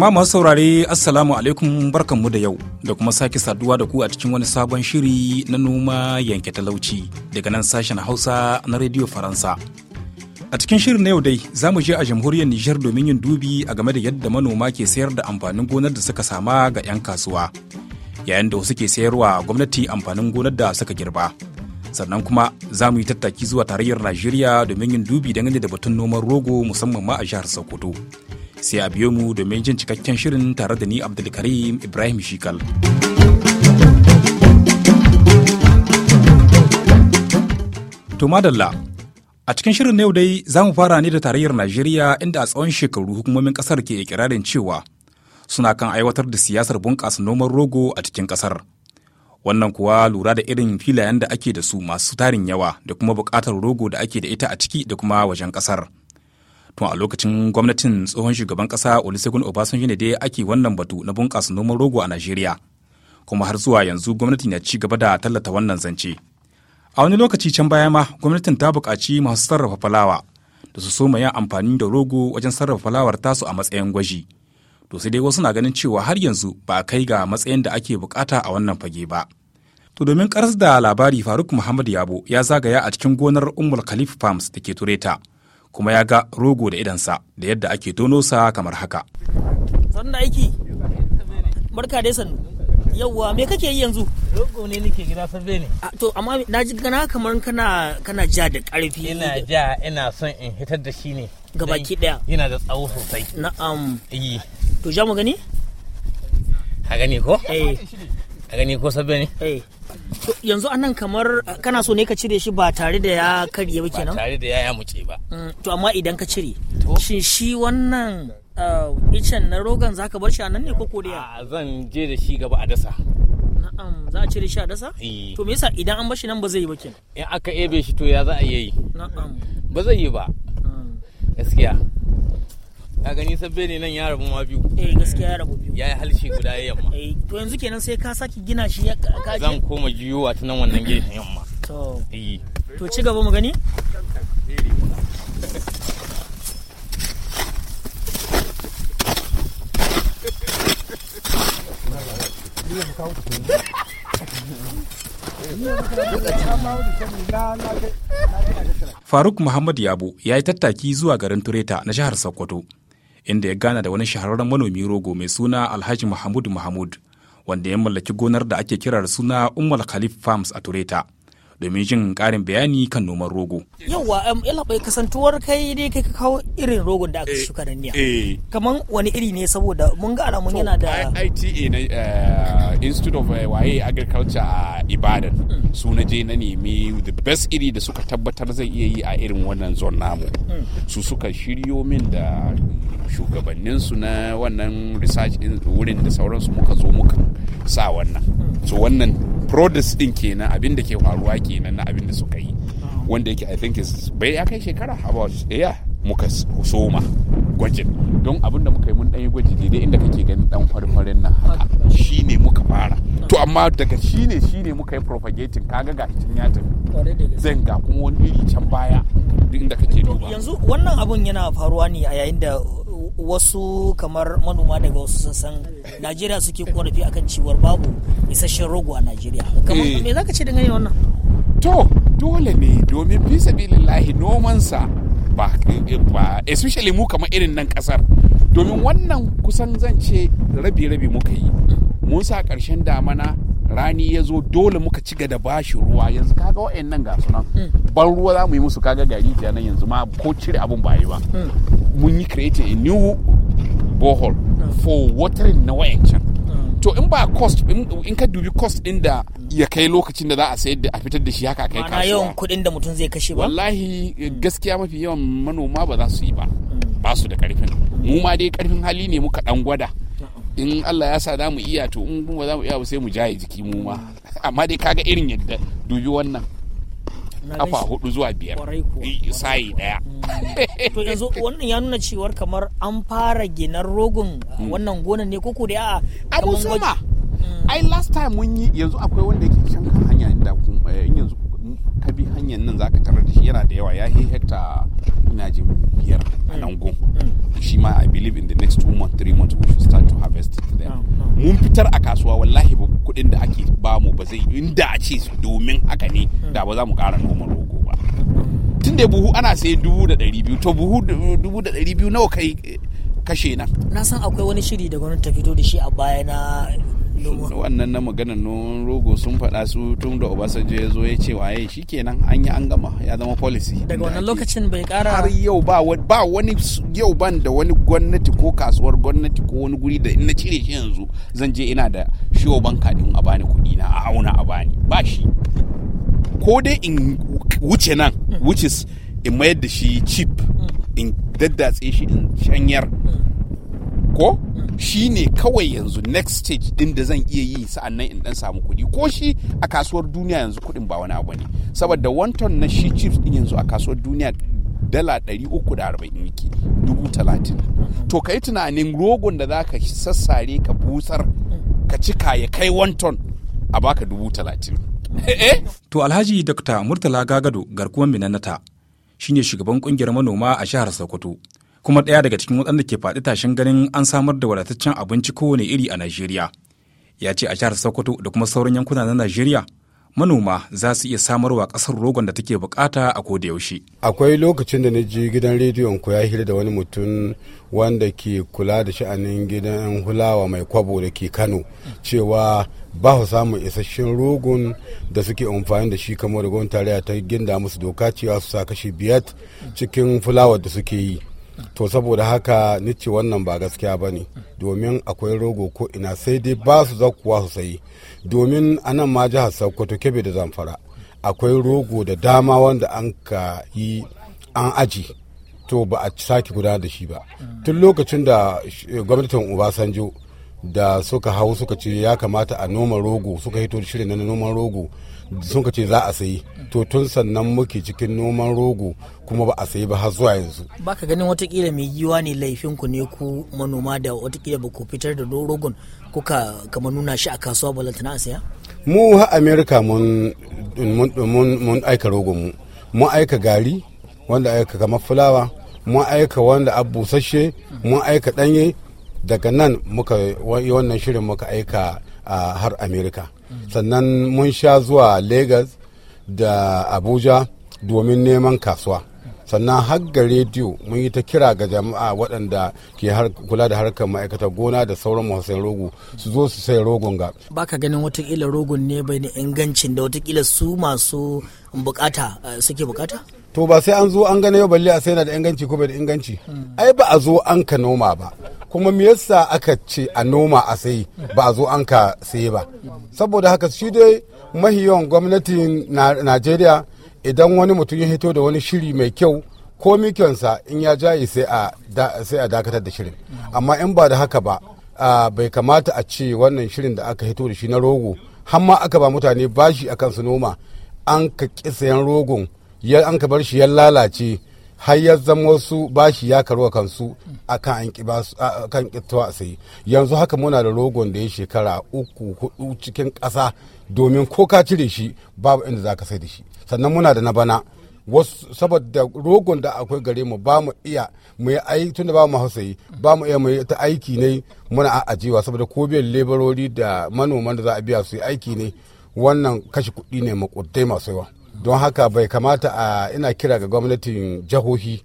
Jama'a masu saurare Assalamu alaikum barkanmu da yau da kuma sake saduwa da ku a cikin wani sabon shiri na noma yanke talauci daga nan sashen Hausa na Radio Faransa. A cikin shirin na yau dai za mu je a jamhuriyar Nijar domin yin dubi a game da yadda manoma ke sayar da amfanin gonar da suka sama ga 'yan kasuwa. Yayin da wasu ke sayarwa gwamnati amfanin gonar da suka girba. Sannan kuma za mu yi tattaki zuwa tarayyar Najeriya domin yin dubi dangane da batun noman rogo musamman ma a jihar Sokoto. sai a biyo mu domin jin cikakken shirin tare da ni abdulkarim ibrahim shikal to madalla a cikin shirin na yau dai za mu fara ne da tarayyar najeriya inda a tsawon shekaru hukumomin kasar ke ikirarin cewa suna kan aiwatar da siyasar bunƙasa noman rogo a cikin kasar wannan kuwa lura da irin filayen da ake da su masu tarin yawa da kuma buƙatar rogo da ake da ita a ciki da kuma wajen ƙasar. tun a lokacin gwamnatin tsohon shugaban kasa olusegun obasanjo ne dai ake wannan batu na bunƙasa noman rogo a najeriya kuma har zuwa yanzu gwamnati na ci gaba da tallata wannan zance a wani lokaci can baya ma gwamnatin ta buƙaci masu sarrafa fulawa da su soma yin amfani da rogo wajen sarrafa fulawar tasu a matsayin gwaji to sai dai wasu na ganin cewa har yanzu ba a kai ga matsayin da ake bukata a wannan fage ba to domin karas da labari faruk muhammad yabo ya zagaya a cikin gonar ummul khalif farms da ke tureta kuma ya ga rogo da idansa da yadda ake tono sa kamar haka. Sannan aiki, barka dai sannu. Yawwa me kake yi yanzu? Rogo ne nake gida sabbe ne. To amma na ji gana kamar kana kana ja da ƙarfi. Ina ja ina son in hitar da shi ne. Gabaki ɗaya. Yana da tsawo sosai. Na'am. Iyi. Eh. To ja mu gani? A gani ko? Eh. A gani ko sabbe ne? Eh. yanzu anan kamar kana so ne ka cire shi ba tare da ya karye ba kenan ba tare da ya ya muce ba mm, to amma idan ka cire shin shi wannan uh, icen na rogan zaka bar shi a nan ne ko kodiya zan je da shi gaba a dasa na'am za a cire shi a dasa eh. to me yasa idan an bar shi nan ba zai yi ba kenan in aka ebe shi to ya za a yi na'am ba zai yi ba mm. gaskiya ka gani sabbe ne nan ya rabu ma biyu eh gaskiya ya rabu biyu ya yi halshe guda ya yamma eh to yanzu kenan sai ka saki gina shi ya kaje zan koma jiyo a tunan wannan gefen yamma to eh to ci gaba mu gani Faruk Muhammad Yabo ya yi tattaki zuwa garin Tureta na jihar Sokoto inda ya gana da wani shahararren manomi rogo mai suna alhaji mahmud mahmud wanda ya mallaki gonar da ake kira da suna ummal khalif farms a tureta domin jin karin bayani kan noman rogo. Yawwa, bai kasantuwar kai dai kai ka kawo irin rogon da aka eh, shuka da niya. Eh. Kaman wani iri ne saboda mun ga alamun yana da. IITA e na eh, Institute of Waye Agriculture a Ibadan. Hmm. Su na je na nemi the best iri da suka tabbatar zai iya yi a irin wannan zon namu. Hmm. Su suka shiryo min da shugabanninsu na wannan research wurin da sauransu muka zo muka sa wannan. Hmm. So wannan produce din kenan abin da ke faruwa kenan na abin da suka yi wanda yake i think is bai ya kai shekara about yeah muka soma gwajin don abin da muka yi mun dan yi gwaji da inda kake ganin dan farfarin nan haka shine muka fara to amma daga shine shine muka yi propagating kaga ga cikin ya zan ga kuma wani iri can baya duk inda kake duba yanzu wannan abun yana faruwa ne a yayin da wasu kamar manoma daga wasu sassan najeriya suke korafi akan ciwar babu isasshen rogo a najeriya kamar eh. me zaka ce dangane wannan to dole ne domin fi sabilillahi nomansa ba especially mu kamar irin nan kasar domin wannan kusan zan ce rabi-rabi muka yi mun sa ƙarshen damana rani ya zo dole muka ci da bashi ruwa yanzu kaga wa'annan ga sunan hmm. ban ruwa za mu yi musu kaga gari nan yanzu ma ko cire abin ba yi ba hmm. mun yi create a new borehole for watering na wayancan mm. to in ba cost in ka dubi cost din da ya kai lokacin da za a sayar da a fitar da shi haka kai kasuwa yawan kuɗin da mutum zai kashe ba wallahi mm. gaskiya mafi yawan manoma ba za su yi ba mm. ba su da karfin mu ma dai karfin hali ne muka dan gwada in Allah ya sa za mu iya to in kuma za mu iya ba sai mu jaye jiki mu ma amma dai kaga irin yadda dubi wannan kafa hudu zuwa biyar sa'i daya to yanzu wannan ya nuna cewar kamar an fara ginar rogon uh, hmm. wannan gonan ne koko da a abu sama hmm. ai last time mun yi yanzu akwai wanda yake can kan hanya inda eh, in yanzu ka bi hanyar nan zaka tarar da shi yana da yawa ya yi hekta ina jin biyar a nan hmm. gun shi ma i believe in the next two months three months we should start to harvest it there mun fitar a kasuwa wallahi ba kudin da ake ba mu ba zai inda a ce domin haka ne da ba za mu kara noman rogo ba tun da buhu ana sai dubu da ɗari biyu to buhu dubu da ɗari biyu nawa kai eh, kashe nan na san akwai wani shiri da gwamnati ta fito da shi a baya na wannan na maganar noman rogo sun faɗa su tun da obasanjo ya zo ya ce waye shi kenan an yi an gama ya zama policy daga wannan lokacin bai kara har yau ba wani yau ban da wani gwamnati ko kasuwar gwamnati ko wani guri da na cire shi yanzu zan je ina da shiwo banka din a bani kuɗi na a auna a bani ba shi ko dai in wuce nan mm. which is in mayar da shi cheap mm. in daddatse shi in shanyar mm. ko shi ne kawai yanzu next stage din da zan iya yi sa'an nan in dan samu kuɗi ko shi a kasuwar duniya yanzu kuɗin ba wani abu ne saboda one ton na shi chips din yanzu a kasuwar duniya dala 340 yake dubu talatin to ka yi tunanin rogon da za ka sassare ka busar ka cika ya kai one ton a baka dubu talatin Eh, eh. To Alhaji Dr. Murtala Gagado garkuwan shi shine shugaban kungiyar manoma a shahar Sokoto kuma ɗaya daga cikin waɗanda ke faɗi tashin ganin an samar da wadataccen abinci kowane iri a Najeriya. Ya ce a shahar Sokoto da kuma sauran yankuna na Najeriya manoma za su iya samarwa kasar rogon da take bukata a koda yaushe. Akwai lokacin da na ji gidan rediyon ku ya hira da wani mutum wanda ke kula da sha'anin gidan hulawa mai kwabo da ke Kano cewa ba su samun isasshen rogon da suke amfani da shi kamar rogon tarayya ta ginda musu doka cewa su sa kashi biyat cikin fulawar da suke yi. to saboda haka ni wannan ba gaskiya ba ne domin akwai rogo ko ina sai dai ba su zakuwa su sayi domin a nan ma jihar sokoto kebe da zamfara akwai rogo da dama wanda an ka yi an aji to ba a sake gudanar da shi ba tun lokacin da gwamnatin obasanjo da suka hau suka ce ya kamata a noma rogo suka hito shirin na noman rogo sun ka ce za a sayi to tun sannan muke cikin noman rogo kuma ba a sayi ba har zuwa yanzu ba ka ganin watakila mai yiwa ne laifin ne ku manoma da watakila ba ku fitar da rogon kuka ka nuna shi a kasuwa lantana a saya mu ha america mun mun aika rogon mu mun aika gari wanda aika kamar fulawa mun aika wanda abu mun aika danye daga nan muka wannan shirin muka aika ah, har america sannan mun sha zuwa lagos da abuja domin neman kasuwa sannan har ga rediyo mun yi ta kira ga jama'a waɗanda ke kula da harkar ma'aikatar gona da sauran masu rogo su zo su sai rogon ga ba ka ganin watakila rogon ne bai da ingancin da watakila su masu bukata eh, suke bukata to ba sai an zo an gane yau balle a sai na da inganci ko bai da inganci hmm. ai ba a zo an ka noma ba kuma me yasa aka ce a noma a sai ba a zo an ka saye ba saboda haka shi dai mahiyon gwamnatin najeriya idan wani mutum ya hito da wani shiri mai kyau ko mikyonsa in ya jaye sai a dakatar da shirin amma in ba da haka ba bai kamata a ce wannan shirin da aka hito da shi na rogo har ma aka ba mutane bashi akan su noma an ka ƙi rogon an ka bar shi ya lalace har ya zama wasu bashi ya karuwa kansu akan an ki kan sai yanzu haka muna da rogon da ya shekara uku hudu cikin ƙasa domin ko ka cire shi babu inda za ka sai da shi sannan muna da na bana wasu saboda rogon da akwai gare mu ba mu iya mu yi aiki tun da ba mu hausayi ba mu iya mu ta aiki ne muna ajiyewa saboda ko biyan lebarori da manoman da za a biya su yi aiki ne wannan kashe kuɗi ne makuddai masu yawa don haka bai kamata a ina kira ga gwamnatin jihohi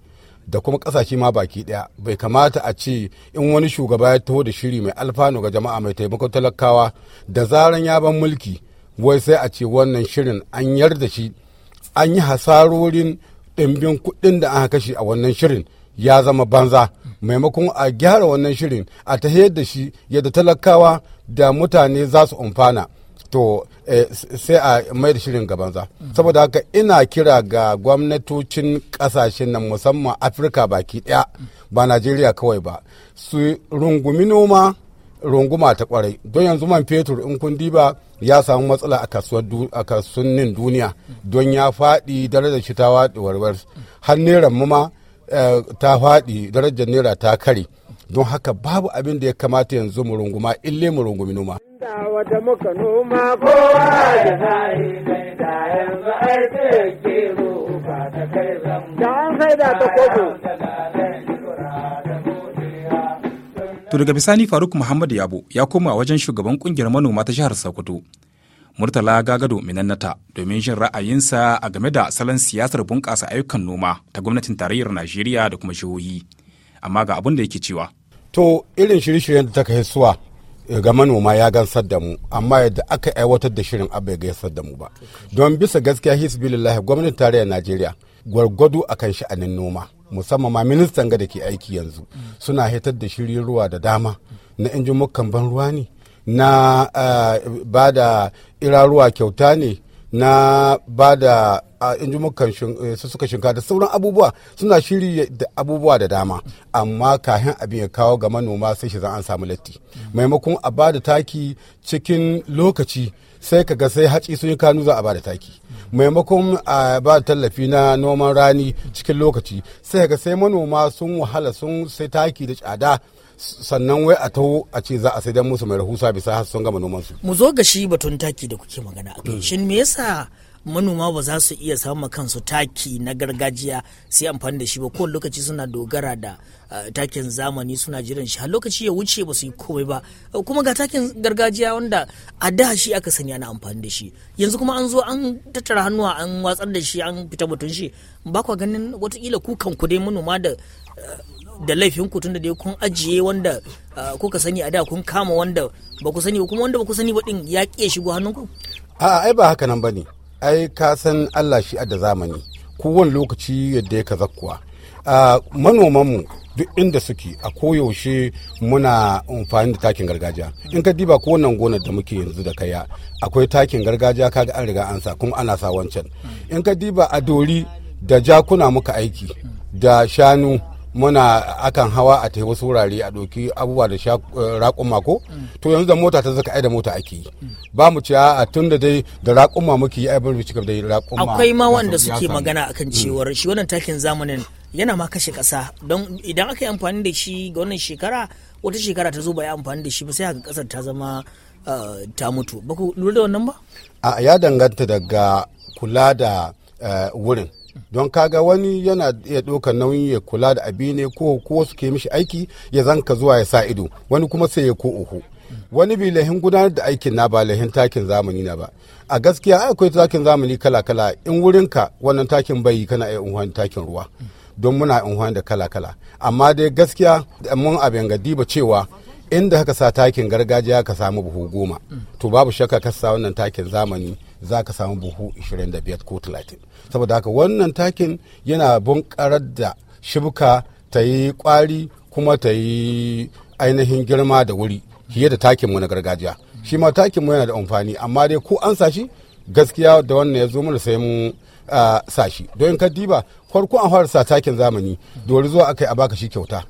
da kuma kasashe ma baki daya bai kamata a ce in wani shugaba ya taho da shiri mai alfano ga jama'a mai taimakon talakawa da zaran ya ban mulki wai sai a ce wannan shirin an yarda shi an yi hasarorin ɗimbin kuɗin da aka kashe a wannan shirin ya zama banza maimakon a gyara wannan shirin a ta da shi yadda talakawa da mutane za su umfana to eh, sai a mai da shirin gaban za saboda haka ina kira ga gwamnatocin kasashen nan musamman afirka baki daya ba najeriya kawai ba su rungumi noma runguma ta kwarai don yanzu man fetur in kun diba ya samu matsala a kasuwannin duniya don ya faɗi darajar shi ta warwar har naira eh, ta faɗi darajar naira ta kare don haka babu abin da ya kamata yanzu mu runguma ille mu rungumi noma To daga bisani Faruk Muhammad Yabo ya koma wajen shugaban kungiyar manoma ta jihar Sokoto. Murtala Gagado Minannata domin jin ra'ayinsa a game da salon siyasar bunƙasa ayyukan noma ta gwamnatin tarayyar Najeriya da kuma jihohi. Amma ga abin da yake cewa. to irin shirye-shiryen da ta kai suwa eh, ga manoma ya gansar da mu amma yadda aka aiwatar da shirin abu ya gansar da mu ba don bisa gaskiya hisbilillahi gwamnatin tarayyar najeriya gwargwado akan sha'anin noma musamman ma ministan ga da ke aiki yanzu suna hitar da shirin ruwa da dama na injin mukan ban ruwa ne na eh, ba da iraruwa kyauta ne na ba da injimukan eh, su suka shinka da sauran abubuwa suna shiri da abubuwa da dama amma kahin abin ya kawo ga manoma sai shi za an samu latti maimakon a ba da taki cikin lokaci sai ka ga sai haci sun yi kanu za a ba da taki maimakon a ba tallafi na noman rani cikin lokaci sai ka ga sai manoma sun wahala sun sai taki da tsada sannan wai a taho a ce za a dan musu mai rahusa bisa har sun gama noman su mu zo ga shi batun taki da kuke magana a kai hmm. shin me yasa manoma ba za su iya samun kansu taki na gargajiya sai amfani da shi ba kowane lokaci suna dogara da eh, takin zamani suna jiran shi har lokaci ya wuce ba su yi komai ba eh, kuma ga takin gargajiya wanda a da shi aka sani ana amfani da shi yanzu kuma an zo an tattara hannuwa an watsar da shi an fita batun shi ba ganin watakila kukan kan ku dai manoma da eh, da laifin ku tunda dai kun ajiye wanda kuka sani a da kun kama wanda ba ku sani kuma wanda ba ku sani ba din ya ƙiye shigo hannunku? a ai ba haka nan bane. Ai ka san Allah shi da zamani. Kowane lokaci yadda ya ka zakkuwa. manomanmu duk inda suke a koyaushe muna amfani da takin gargajiya in ka diba ko wannan gonar da muke yanzu da kaya akwai takin gargajiya kaga an riga an sa kuma ana sa wancan in ka diba a dori da jakuna muka aiki da shanu muna akan hawa a tafi wasu wurare a ɗauki abubuwa da sha eh, ko mm. to yanzu da mota ta zaka aida mota ake mm. ba mu ciya a tun da dai da raƙuma muke yi abin da raƙumma. akwai ma wanda suke magana akan mm. cewar shi wannan takin zamanin yana ma kashe ƙasa don idan aka yi amfani da shi ga wannan shekara wata shekara ta zo ba yi amfani da shi ba sai haka ƙasar ta zama eh, ta mutu ba ku lura da wannan ba a ya danganta daga kula da eh, wurin don kaga wani yana iya ɗaukar nauyin ya kula da abi ne ko wasu ke mishi aiki ya zanka zuwa ya sa ido wani kuma sai ya ko uku wani bi lahin gudanar da aikin na ba lahin takin zamani na ba a gaskiya akwai takin zamani kala kala in wurinka wannan takin bai kana iya unhuwan takin ruwa don muna unhuwan da kala kala amma dai gaskiya mun abin ga diba cewa inda haka sa takin gargajiya ka samu buhu goma to babu shakka ka sa wannan takin zamani za ka samu buhu 25 ko 30 saboda haka wannan takin yana bunƙarar da shibuka ta yi kwari kuma ta yi ainihin girma da wuri fiye da takinmu na gargajiya shi ma takinmu yana da amfani amma dai ko an sashi gaskiya da wannan ya zo mana sai mu ah, sashi don ka diba farko an fara sa takin zamani dori zuwa aka yi a baka shi kyauta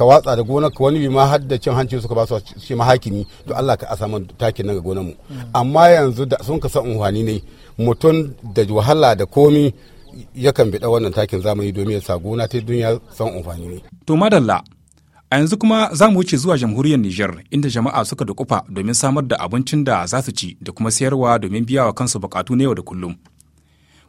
ka watsa da gonar ka wani bi ma har da cin hanci suka ba su shi ma hakimi to Allah ka asa man takin nan ga gonar mu amma yanzu da sun ka san unhwani ne mutum da wahala da komi yakan biɗa wannan takin zamani domin ya sa gona ta duniya san unhwani ne. To madalla a yanzu kuma za mu wuce zuwa jamhuriyar Nijar inda jama'a suka da kufa domin samar da abincin da za su ci da kuma sayarwa domin biya wa kansu bukatu na yau da kullum.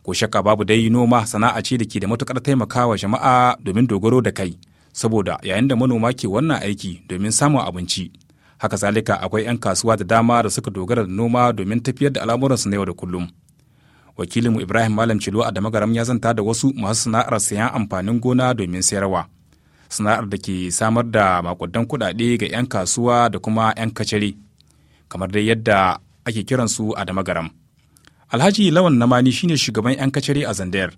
Ko shakka babu dai noma sana'a ce da ke da matukar taimakawa jama'a domin dogaro da kai saboda yayin da manoma ke wannan aiki domin samun abinci haka zalika akwai 'yan kasuwa da dama da suka dogara da noma domin tafiyar da al'amuransu na yau da kullum wakilinmu ibrahim malam cilo a damagaram ya zanta da wasu masu sana'ar sayan amfanin gona domin sayarwa sana'ar da ke samar da makudan kuɗaɗe ga 'yan kasuwa da kuma 'yan kacere kamar dai yadda ake kiransu a garam. alhaji lawan namani shine shugaban 'yan kacere a zandayar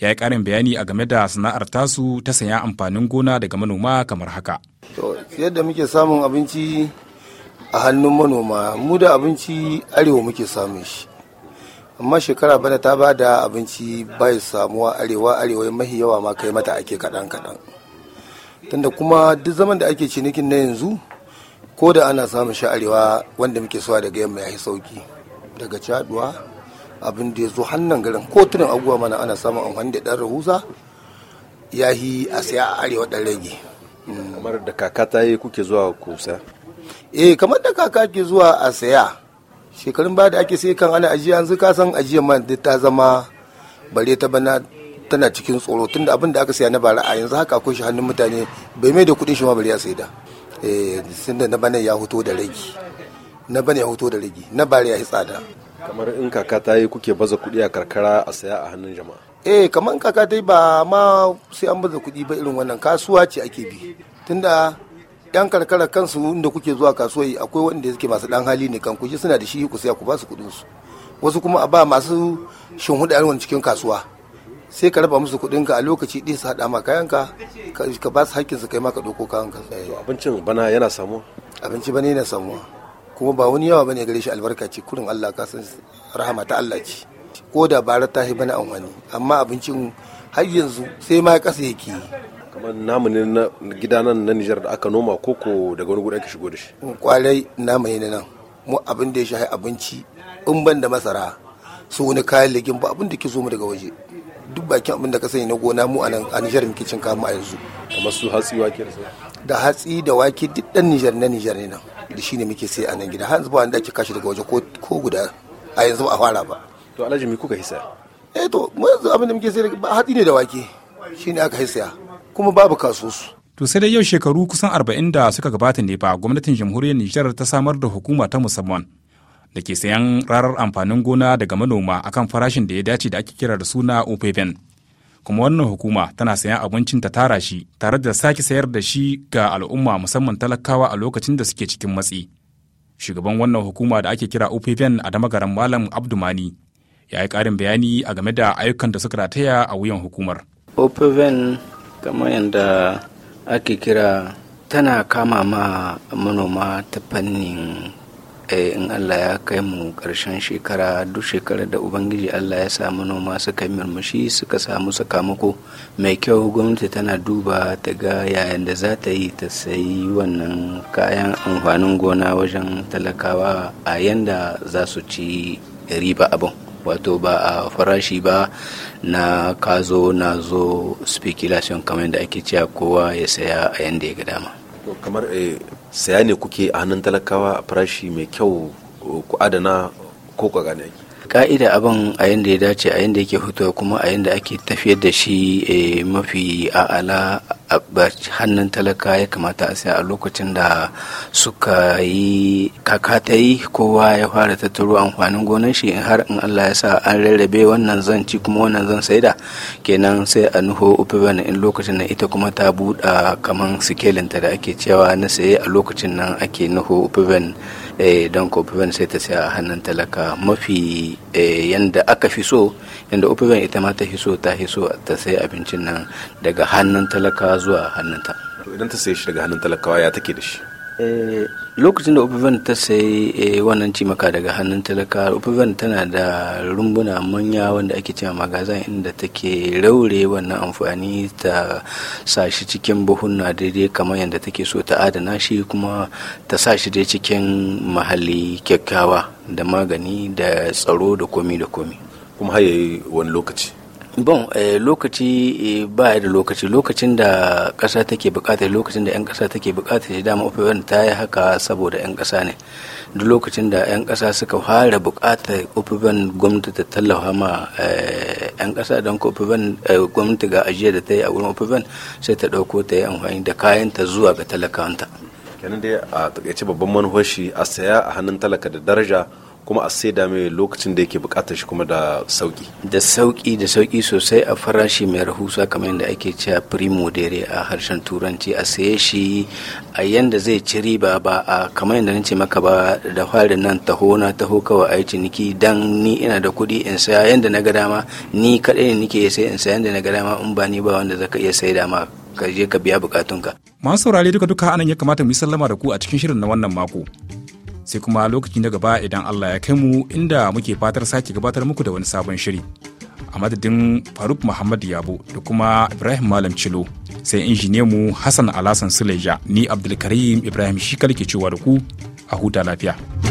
ya yi karin bayani a game da sana'ar tasu ta sanya amfanin gona daga manoma kamar haka. yadda muke samun abinci a hannun manoma mu da abinci arewa muke samun shi amma shekara bana ta ba da abinci bai samuwa arewa arewa mahi yawa ma kai mata ake kaɗan kaɗan tunda kuma duk zaman da ake cinikin na yanzu ko da ana samun shi arewa wanda muke suwa daga yamma ya sauki daga caduwa abin da ya zo hannun garin kotunan abubuwa mana ana samun amfani da ɗan rahusa ya yi a saya a arewa ɗan rage mm. kamar da kaka ta yi kuke zuwa kusa eh kamar da kaka ke zuwa a saya shekarun baya da ake sai kan ana ajiya yanzu ka san ajiyar man ta zama bare ta bana tana cikin tsoro tunda abin da aka saya na bara a yanzu haka akwai shi hannun mutane bai mai da kuɗin shi ma bare ya sai da eh sun da na bana ya hoto da rage na bana ya hoto da rage na bare ya yi tsada kamar in kaka ta yi kuke baza kuɗi a karkara a saya a hannun jama'a eh kamar kaka ta yi ba ma sai an baza kuɗi ba irin wannan kasuwa ce ake bi tunda yan karkara kansu inda kuke zuwa kasuwai akwai wanda suke masu dan hali ne kan kuje suna da shi ku saya ku ba su kuɗin su wasu kuma a ba masu shinhuda yawan cikin kasuwa sai ka raba musu kuɗin ka a lokaci ɗin su haɗa ma kayan ka ka ba su hakkin su kai ma ka ɗauko kayan ka abincin bana yana samuwa abinci bana yana samuwa kuma ba wani yawa bane gare shi albarka ce kurin Allah ka san rahama ta Allah ce ko da bara ta hi bana amfani amma abincin har yanzu sai ma kasa yake kamar namu ne na gida nan na Nijar da aka noma koko daga wani gudan ka shigo da shi kwalai mm, namu ne nan mu abin da ya shahi abinci in ban da masara su wani kayan legin ba abin da ke zo mu daga waje duk bakin abin da ka sani na gona mu a nan a Niger muke cin kamu a yanzu kamar su hatsi wake da hatsi da wake duk dan Niger na Niger ne nan da shi ne muke sai a nan gida har zuwa da ake kashi daga waje ko guda a yanzu a fara ba to alhaji me kuka hisa eh to mu yanzu abin da muke sai ba hatsi ne da wake shi ne aka hisa kuma babu kasusu to sai dai yau shekaru kusan arba'in da suka gabata ne ba gwamnatin jamhuriyar Nijar ta samar da hukuma ta musamman da ke sayan rarar amfanin gona daga manoma akan farashin da ya dace da ake kira da suna OPEVEN. kuma wannan hukuma tana sayan abincin ta tara shi tare da sake sayar da shi ga al'umma musamman talakawa a lokacin da suke cikin matsi shugaban wannan hukuma da ake kira opvn a damagaran malam abdumani ya yi karin bayani a game da ayyukan da suka rataya a wuyan hukumar opvn kamar yadda ake kira tana kama ma manoma ta fannin Eh, in Allah ya kai mu ƙarshen shekara duk shekarar da Ubangiji Allah ya samu noma suka yi murmushi suka samu sakamako mai kyau gwamnati tana duba ta ga yayin da za ta yi ta sayi wannan kayan amfanin gona wajen talakawa a yanda za su ci riba abin wato ba a farashi ba na kazo na zo speculation kamar da ake cewa kowa ya saya a yanda ya ga dama kamar eh, saya ne kuke a hannun talakawa a farashi mai kyau ku adana ko ku gane ka'ida abin a yadda ya dace a yadda yake fitowa kuma a yadda ake tafiyar da shi eh, mafi a'ala hannun talaka ya kamata a sai a lokacin da suka yi kaka ta yi kowa ya fara tattaro amfanin gonan shi in har in allah ya sa an rarrabe wannan zan ci kuma wannan zan saida kenan sai a nuho bane in lokacin na ita kuma ta buɗa kaman sikelinta da ake cewa na saye a lokacin nan ake nuho bane. Eh, don opiven sai ta saya a hannun talaka mafi eh, yanda aka fi so yanda opiven ita ma ta fi so ta fi so ta sai abincin nan daga hannun talaka zuwa hannun ta idan ta sai shi daga hannun talakawa ya take da shi Eh, lokacin da opiven ta sai eh, wannan cimaka daga hannun talaka opiven tana da rumbuna manya wanda ake cewa magazin inda take raure wannan amfani ta sa shi cikin buhunna daidai kamar yadda take so ta adana shi kuma ta sa shi dai cikin mahalli kyakkyawa da magani da tsaro da komi da komi kuma har wani lokaci bon eh, lokaci eh, ba da lokaci lokacin da ƙasa take bukata lokacin da 'yan kasa take bukata shi dama opioid ta yi haka saboda 'yan ƙasa ne duk lokacin da 'yan ƙasa suka fara bukata opioid gwamnati ta tallafa ma 'yan eh, ƙasa don opioid gwamnati ga ajiyar da ta yi a wurin opioid sai ta ɗauko ta yi amfani da kayanta zuwa ga talakawanta kenan dai a takaice babban manufar shi a saya a hannun talaka da daraja kuma a saida mai lokacin da yake bukatar shi kuma da sauki da sauki da sauki sosai a farashi mai rahusa kamar yadda ake cewa primo dere a harshen turanci a saye shi a yanda zai ci riba ba a kamar yadda nace maka ba da fari nan taho na taho kawa a yi ciniki dan ni ina da kuɗi in saya yanda na ga dama ni kaɗai ne nike sai in saya yanda na ga dama in ba ni ba wanda zaka iya saida ma ka je ka biya bukatunka. Masu saurare duka duka anan ya kamata mu yi sallama da ku a cikin shirin na wannan mako. sai kuma lokaci na gaba idan Allah ya kai mu inda muke fatar sake gabatar muku da wani sabon shiri. A madadin Faruk Muhammad Yabo da kuma Ibrahim Malam Cilo sai injiniya mu Hassan Alasan Suleja ni Abdulkarim Ibrahim Shikal ke cewa da ku a huta lafiya.